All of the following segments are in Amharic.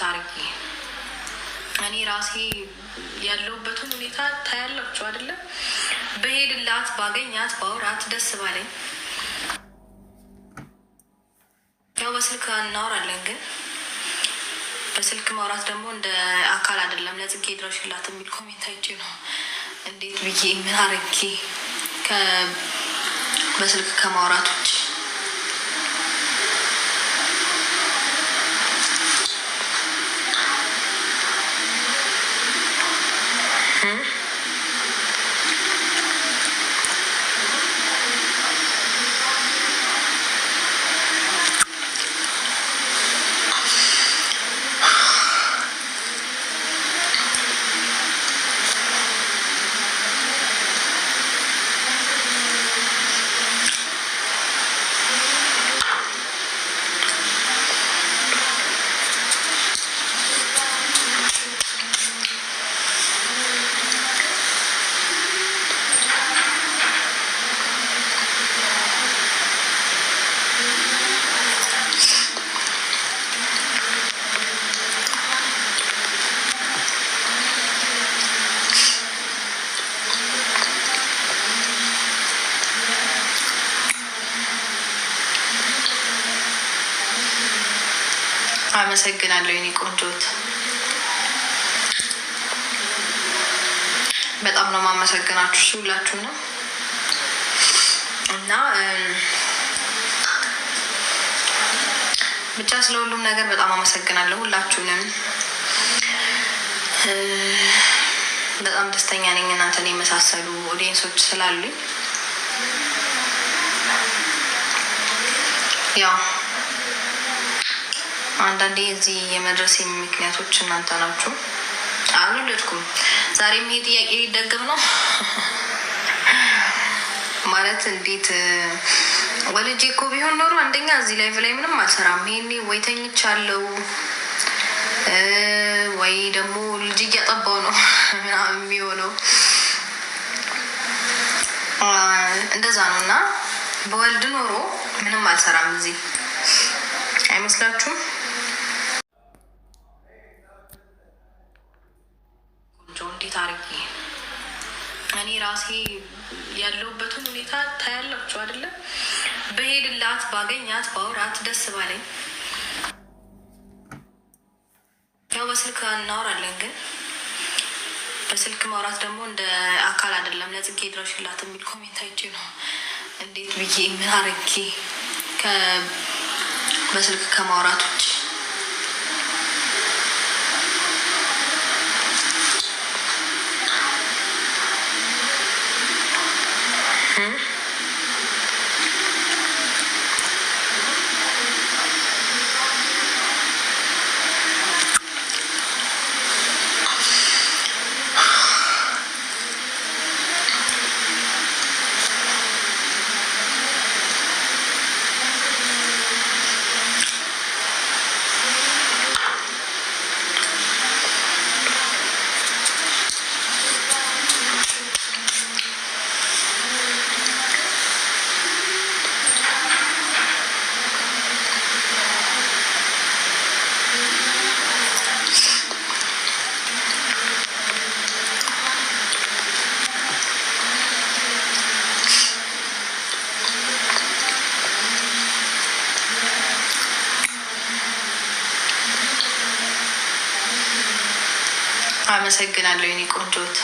እንዴት አርጌ እኔ ራሴ ያለሁበትን ሁኔታ ታያላችሁ አይደለም። በሄድላት ባገኛት ባውራት ደስ ባለኝ። ያው በስልክ እናወራለን፣ ግን በስልክ ማውራት ደግሞ እንደ አካል አይደለም። ለጽጌ ድረሽላት የሚል ኮሜንት አይቼ ነው እንዴት ብዬ ምን አርጌ በስልክ ከማውራት ውጭ huh? አመሰግናለሁ የኔ ቆንጆት፣ በጣም ነው ማመሰግናችሁ ሁላችሁ ነው እና ብቻ ስለ ሁሉም ነገር በጣም አመሰግናለሁ ሁላችሁንም። በጣም ደስተኛ ነኝ እናንተን የመሳሰሉ ኦዲየንሶች ስላሉኝ ያው አንዳንዴ እዚህ የመድረሴ ምክንያቶች እናንተ ናችሁ። አልወለድኩም። ዛሬም ይሄ ጥያቄ ሊደገም ነው ማለት እንዴት ወልጄ እኮ ቢሆን ኖሮ አንደኛ እዚህ ላይቭ ላይ ምንም አልሰራም። ይሄኔ ወይ ተኝቻለሁ ወይ ደግሞ ልጅ እያጠባው ነው ምናምን የሚሆነው እንደዛ ነው። እና በወልድ ኖሮ ምንም አልሰራም እዚህ አይመስላችሁም? ራሴ ያለሁበትን ሁኔታ ታያላችሁ አይደለም። በሄድላት ባገኛት ባውራት ደስ ባለኝ። ያው በስልክ እናወራለን፣ ግን በስልክ ማውራት ደግሞ እንደ አካል አይደለም። ለጽጌ ድረሽላት የሚል ኮሜንት አይቼ ነው እንዴት ብዬ ምን አረጌ በስልክ ከማውራት ውጭ አመሰግናለሁ የኔ ቆንጆት፣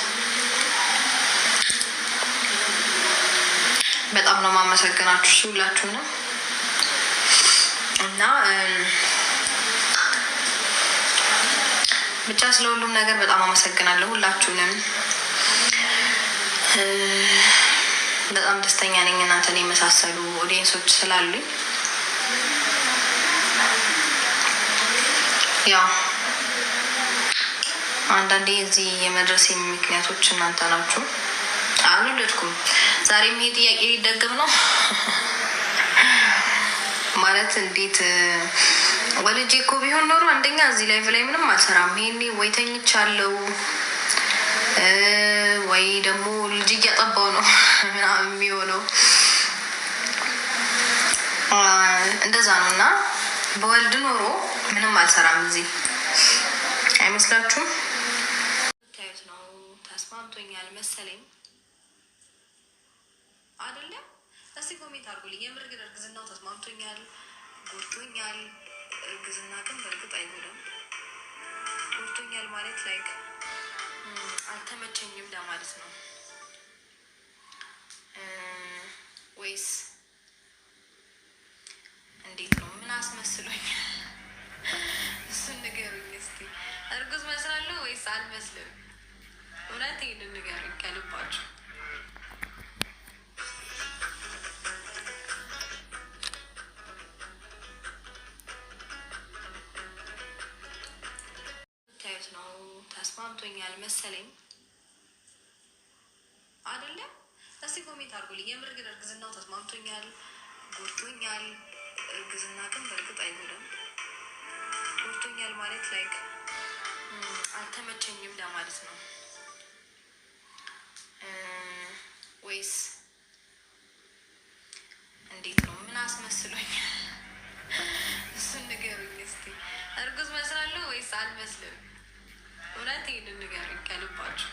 በጣም ነው ማመሰግናችሁ ሲውላችሁ ነው እና ብቻ ስለ ሁሉም ነገር በጣም አመሰግናለሁ ሁላችሁንም። በጣም ደስተኛ ነኝ እናንተን የመሳሰሉ ኦዲየንሶች ስላሉኝ ያው አንዳንዴ እዚህ የመድረሴ ምክንያቶች እናንተ ናችሁ። አልወለድኩም። ዛሬም ይሄ ጥያቄ ሊደገም ነው ማለት እንዴት ወልጄ እኮ ቢሆን ኖሮ አንደኛ እዚህ ላይቭ ላይ ምንም አልሰራም። ይሄኔ ወይ ተኝቻለሁ ወይ ደግሞ ልጅ እያጠባው ነው ምናምን የሚሆነው እንደዛ ነው። እና በወልድ ኖሮ ምንም አልሰራም እዚህ አይመስላችሁም? ተስማምቶኛል መሰለኝ አይደለም። እስቲ ኮሜንት አድርጉልኝ። የምር ግን እርግዝናው ተስማምቶኛል፣ ጎድቶኛል። እርግዝና ግን በእርግጥ አይሆንም። ጎድቶኛል ማለት ላይክ አልተመቸኝም ለማለት ነው ወይስ እንዴት ነው? ምን አስመስሎኛል? እሱን ንገሩኝ እስቲ። እርጉዝ መስላለሁ ወይስ አልመስልም? ይህንን ነገር ያልባችሁ ታዩት ነው። ተስማምቶኛል መሰለኝ አይደለም። እስቲ ኮሜንት አድርጉልኝ። የምር ግን እርግዝናው ተስማምቶኛል፣ ጎድቶኛል። እርግዝና ግን በእርግጥ አይጎዳም። ጎድቶኛል ማለት ላይክ አልተመቸኝም ለማለት ነው። ወይስ እንዴት ነው? ምን አስመስሎኛል? እሱን ንገሩኝ እስኪ። እርጉዝ መስላለሁ ወይስ አልመስልም? እውነት ይህንን ንገሩኝ ከልባችሁ።